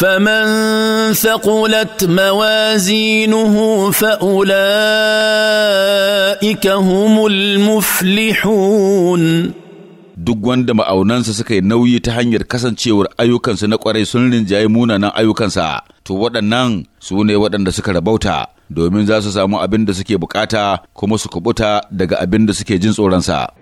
فمن ثقلت موازينه فأولئك هم المفلحون duk wanda ma'aunansa suka yi nauyi ta hanyar kasancewar ayyukansu na ƙwarai sun rinjaye munanan ayyukansa to waɗannan su ne waɗanda suka rabauta domin za su samu abin da suke bukata kuma su kubuta daga abin da suke jin tsoronsa.